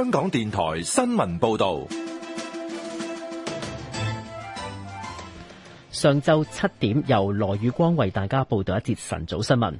香港電台新聞報道，上晝七點由羅宇光為大家報道一節晨早新聞。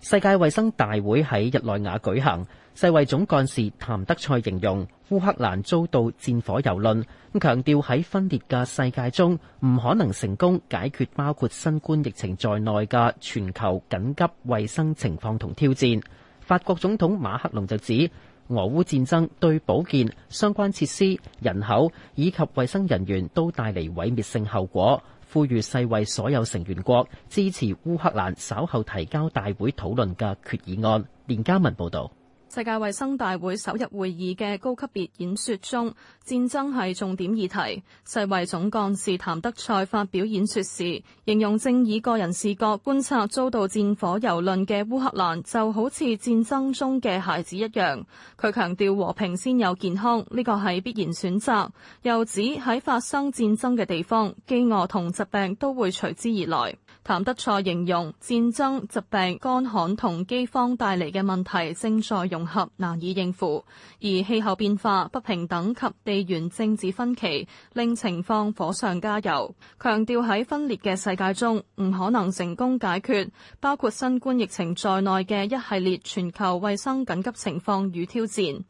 世界衛生大會喺日內瓦舉行，世衛總幹事譚德塞形容烏克蘭遭到戰火蹂躪，咁強調喺分裂嘅世界中，唔可能成功解決包括新冠疫情在內嘅全球緊急衛生情況同挑戰。法國總統馬克龍就指，俄烏戰爭對保健、相關設施、人口以及衛生人員都帶嚟毀滅性後果。呼籲世衛所有成員國支持烏克蘭稍後提交大會討論嘅決議案。連家文報導。世界衛生大會首日會議嘅高級別演說中，戰爭係重點議題。世衛總幹事譚德塞發表演說時，形容正以個人視角觀察遭到戰火蹂躪嘅烏克蘭，就好似戰爭中嘅孩子一樣。佢強調和平先有健康，呢個係必然選擇。又指喺發生戰爭嘅地方，飢餓同疾病都會隨之而來。譚德塞形容戰爭疾病、乾旱同饑荒帶嚟嘅問題正在融合，難以應付，而氣候變化、不平等及地緣政治分歧令情況火上加油。強調喺分裂嘅世界中，唔可能成功解決，包括新冠疫情在內嘅一系列全球衛生緊急情況與挑戰。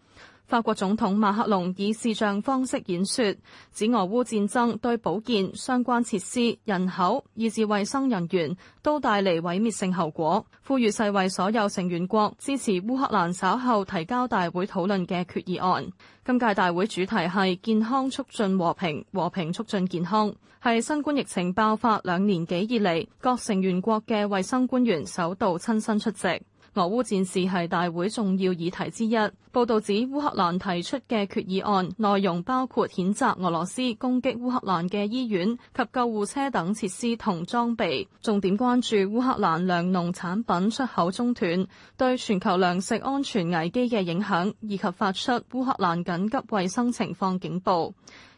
法國總統馬克龍以視像方式演說，指俄烏戰爭對保健相關設施、人口、以至衛生人員都帶嚟毀滅性後果，呼籲世衛所有成員國支持烏克蘭稍後提交大會討論嘅決議案。今屆大會主題係健康促進和平，和平促進健康，係新冠疫情爆發兩年幾以嚟，各成員國嘅衛生官員首度親身出席。俄烏戰事係大會重要議題之一。報道指烏克蘭提出嘅決議案內容包括譴責俄羅斯攻擊烏克蘭嘅醫院及救護車等設施同裝備，重點關注烏克蘭糧農產品出口中斷對全球糧食安全危機嘅影響，以及發出烏克蘭緊急衛生情況警報。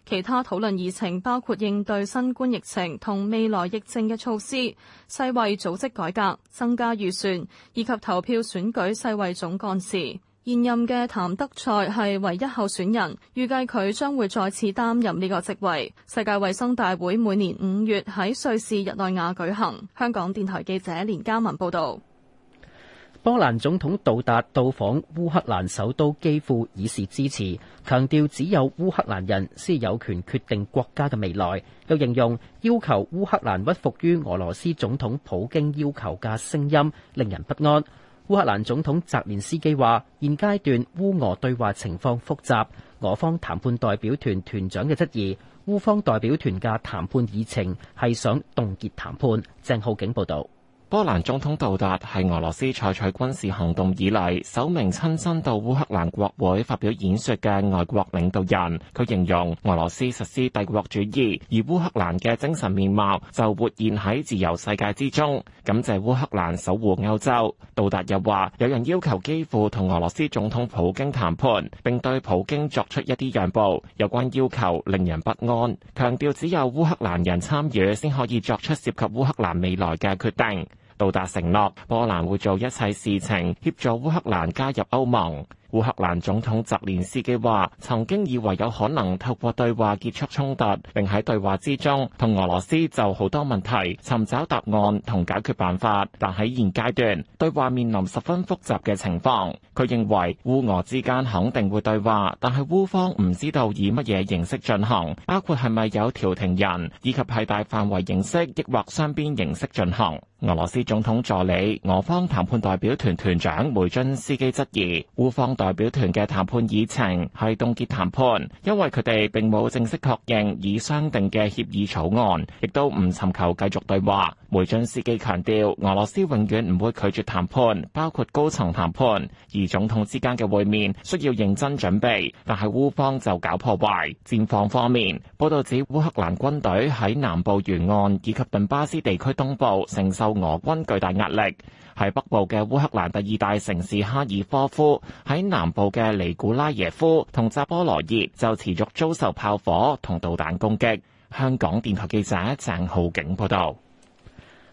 其他討論議程包括應對新冠疫情同未來疫症嘅措施、世衛組織改革、增加預算，以及投票選舉世衛總幹事。現任嘅譚德塞係唯一候選人，預計佢將會再次擔任呢個職位。世界衞生大會每年五月喺瑞士日內瓦舉行。香港電台記者連嘉文報導。波蘭總統杜達到訪烏克蘭首都基輔，以示支持，強調只有烏克蘭人先有權決定國家嘅未來。又形容要求烏克蘭屈服於俄羅斯總統普京要求嘅聲音令人不安。烏克蘭總統澤連斯基話：現階段烏俄對話情況複雜，俄方談判代表團團長嘅質疑，烏方代表團嘅談判議程係想凍結談判。鄭浩景報道。波蘭總統杜達係俄羅斯採取軍事行動以嚟，首名親身到烏克蘭國會發表演說嘅外國領導人。佢形容俄羅斯實施帝國主義，而烏克蘭嘅精神面貌就活現喺自由世界之中，感謝烏克蘭守護歐洲。杜達又話，有人要求基輔同俄羅斯總統普京談判，並對普京作出一啲讓步，有關要求令人不安。強調只有烏克蘭人參與，先可以作出涉及烏克蘭未來嘅決定。到達承諾，波蘭會做一切事情，協助烏克蘭加入歐盟。烏克蘭總統澤連斯基話：曾經以為有可能透過對話結束衝突，並喺對話之中同俄羅斯就好多問題尋找答案同解決辦法。但喺現階段，對話面臨十分複雜嘅情況。佢認為烏俄之間肯定會對話，但係烏方唔知道以乜嘢形式進行，包括係咪有調停人，以及係大範圍形式，抑或雙邊形式進行。俄羅斯總統助理、俄方談判代表團團長梅津斯基質疑烏方。代表團嘅談判議程係凍結談判，因為佢哋並冇正式確認已商定嘅協議草案，亦都唔尋求繼續對話。梅津斯基強調，俄羅斯永遠唔會拒絕談判，包括高層談判，而總統之間嘅會面需要認真準備。但係烏方就搞破壞。戰況方面，報道指烏克蘭軍隊喺南部沿岸以及頓巴斯地區東部承受俄軍巨大壓力。喺北部嘅烏克蘭第二大城市哈爾科夫，喺南部嘅尼古拉耶夫同扎波羅熱就持續遭受炮火同導彈攻擊。香港電台記者鄭浩景報道。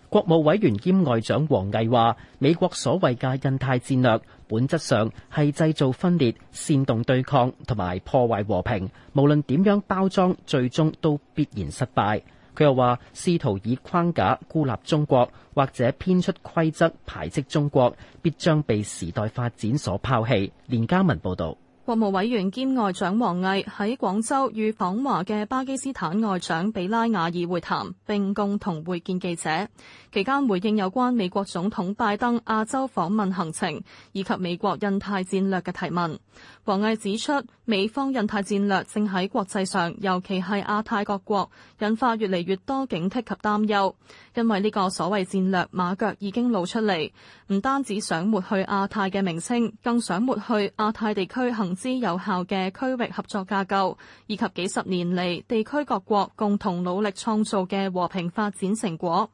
國務委員兼外長王毅話，美國所謂嘅印太戰略，本質上係製造分裂、煽動對抗同埋破壞和平，無論點樣包裝，最終都必然失敗。佢又話試圖以框架孤立中國，或者編出規則排斥中國，必將被時代發展所拋棄，連嘉文報道。國務委員兼外長王毅喺廣州與訪華嘅巴基斯坦外長比拉瓦爾會談，並共同會見記者。期間回應有關美國總統拜登亞洲訪問行程以及美國印太戰略嘅提問。王毅指出，美方印太戰略正喺國際上，尤其係亞太各國，引發越嚟越多警惕及擔憂，因為呢個所謂戰略馬腳已經露出嚟。唔單止想抹去亞太嘅名稱，更想抹去亞太地區行之有效嘅區域合作架構，以及幾十年嚟，地區各國共同努力創造嘅和平發展成果。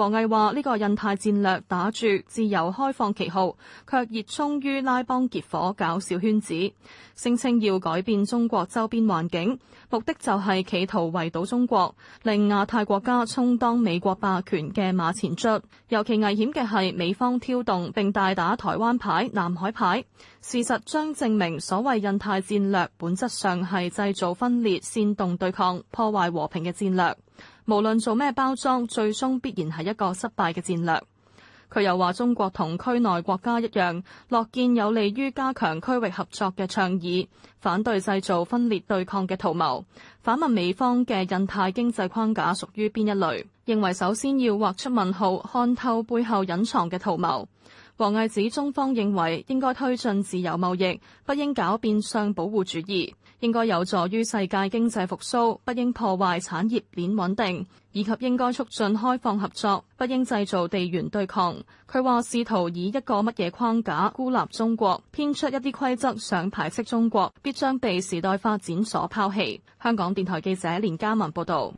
王毅話：呢個印太戰略打住自由開放旗號，卻熱衷於拉幫結伙搞小圈子，聲稱要改變中國周邊環境，目的就係企圖圍堵中國，令亞太國家充當美國霸權嘅馬前卒。尤其危險嘅係美方挑動並大打台灣牌、南海牌。事實將證明，所謂印太戰略，本質上係製造分裂、煽動對抗、破壞和平嘅戰略。無論做咩包裝，最終必然係一個失敗嘅戰略。佢又話：中國同區內國家一樣，樂見有利於加強區域合作嘅倡議，反對製造分裂對抗嘅圖謀。反問美方嘅印太經濟框架屬於邊一類？認為首先要畫出問號，看透背後隱藏嘅圖謀。王毅指，中方認為應該推進自由貿易，不應搞變相保護主義；應該有助於世界經濟復蘇，不應破壞產業鏈穩定；以及應該促進開放合作，不應製造地緣對抗。佢話：試圖以一個乜嘢框架孤立中國，編出一啲規則想排斥中國，必將被時代發展所拋棄。香港電台記者連嘉文報道。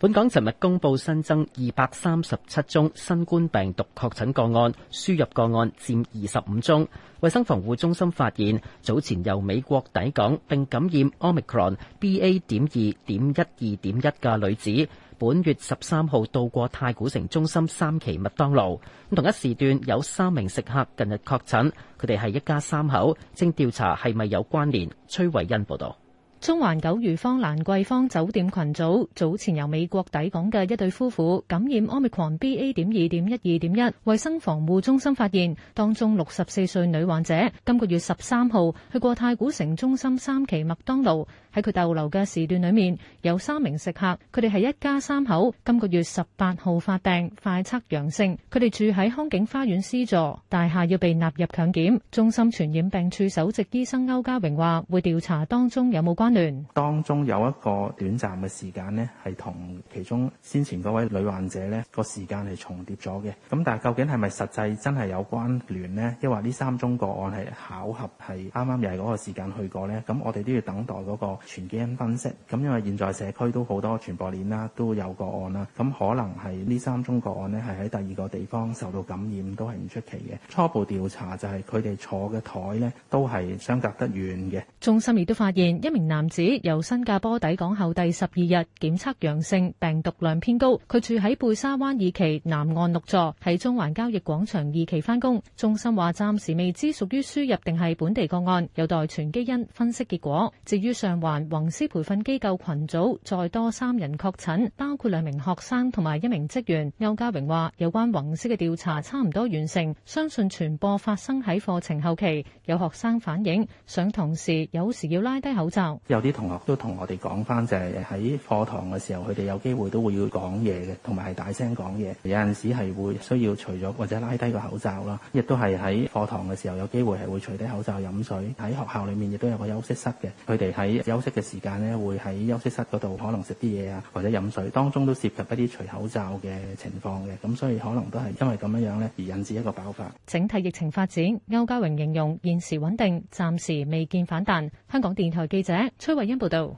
本港尋日公布新增二百三十七宗新冠病毒確診個案，輸入個案佔二十五宗。衛生防護中心發現，早前由美國抵港並感染 Omicron BA. 點二點一二點一嘅女子，本月十三號到過太古城中心三期麥當勞，同一時段有三名食客近日確診，佢哋係一家三口，正調查係咪有關聯。崔慧欣報道。中環九如坊、蘭桂坊酒店群組早前由美國抵港嘅一對夫婦感染奧密克戎 BA. 點二點一二點一，衛生防護中心發現當中六十四歲女患者今個月十三號去過太古城中心三期麥當勞，喺佢逗留嘅時段裏面有三名食客，佢哋係一家三口，今個月十八號發病快測陽性，佢哋住喺康景花園 C 座大廈要被納入強檢。中心傳染病處首席醫生歐家榮話會調查當中有冇關。當中有一個短暫嘅時間呢，係同其中先前嗰位女患者呢個時間係重疊咗嘅。咁但係究竟係咪實際真係有關聯呢？抑或呢三宗個案係巧合係啱啱又係嗰個時間去過呢？咁我哋都要等待嗰個全基因分析。咁因為現在社區都好多傳播鏈啦，都有個案啦，咁可能係呢三宗個案呢，係喺第二個地方受到感染都係唔出奇嘅。初步調查就係佢哋坐嘅台呢，都係相隔得遠嘅。中心亦都發現一名男。男子由新加坡抵港後第十二日檢測陽性，病毒量偏高。佢住喺貝沙灣二期南岸六座，喺中環交易廣場二期翻工。中心話暫時未知屬於輸入定係本地個案，有待全基因分析結果。至於上環宏思培訓機構群組再多三人確診，包括兩名學生同埋一名職員。歐家榮話有關宏思嘅調查差唔多完成，相信傳播發生喺課程後期。有學生反映上堂時有時要拉低口罩。有啲同學都同我哋講翻，就係喺課堂嘅時候，佢哋有機會都會要講嘢嘅，同埋係大聲講嘢。有陣時係會需要除咗或者拉低個口罩啦，亦都係喺課堂嘅時候有機會係會除低口罩飲水。喺學校裡面亦都有個休息室嘅，佢哋喺休息嘅時間咧會喺休息室嗰度可能食啲嘢啊，或者飲水，當中都涉及一啲除口罩嘅情況嘅。咁所以可能都係因為咁樣樣咧而引致一個爆發。整體疫情發展，歐家榮形容現時穩定，暫時未見反彈。香港電台記者。崔慧欣報道。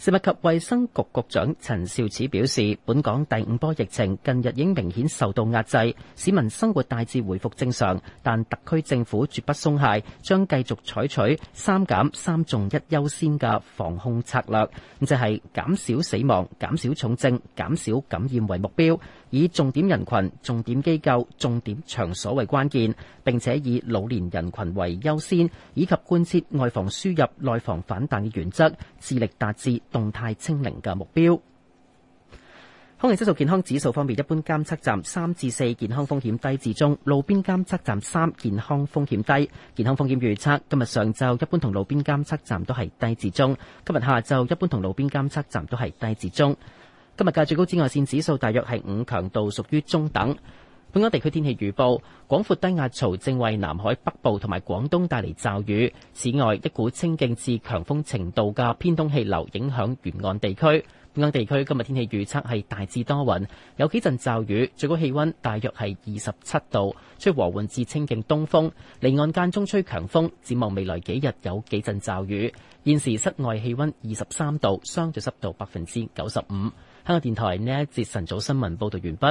食物及衛生局局長陳肇始表示，本港第五波疫情近日已經明顯受到壓制，市民生活大致回復正常，但特區政府絕不鬆懈，將繼續採取三減三重一優先嘅防控策略，咁就係減少死亡、減少重症、減少感染為目標，以重點人群、重點機構、重點場所為關鍵，並且以老年人群為優先，以及貫徹外防輸入、內防反彈嘅原則，致力達至動態清零嘅目標。空氣質素健康指數方面，一般監測站三至四，健康風險低至中；路邊監測站三，健康風險低。健康風險預測，今日上晝一般同路邊監測站都係低至中，今日下晝一般同路邊監測站都係低至中。今日嘅最高紫外綫指數大約係五，強度屬於中等。本港地區天氣預報，廣闊低壓槽正為南海北部同埋廣東帶嚟驟雨。此外，一股清勁至強風程度嘅偏東氣流影響沿岸地區，本港地區今日天氣預測係大致多雲，有幾陣驟雨，最高氣溫大約係二十七度，吹和緩至清勁東風，離岸間中吹強風，展望未來幾日有幾陣驟雨。現時室外氣溫二十三度，相對濕度百分之九十五。香港電台呢一節晨早新聞報道完畢。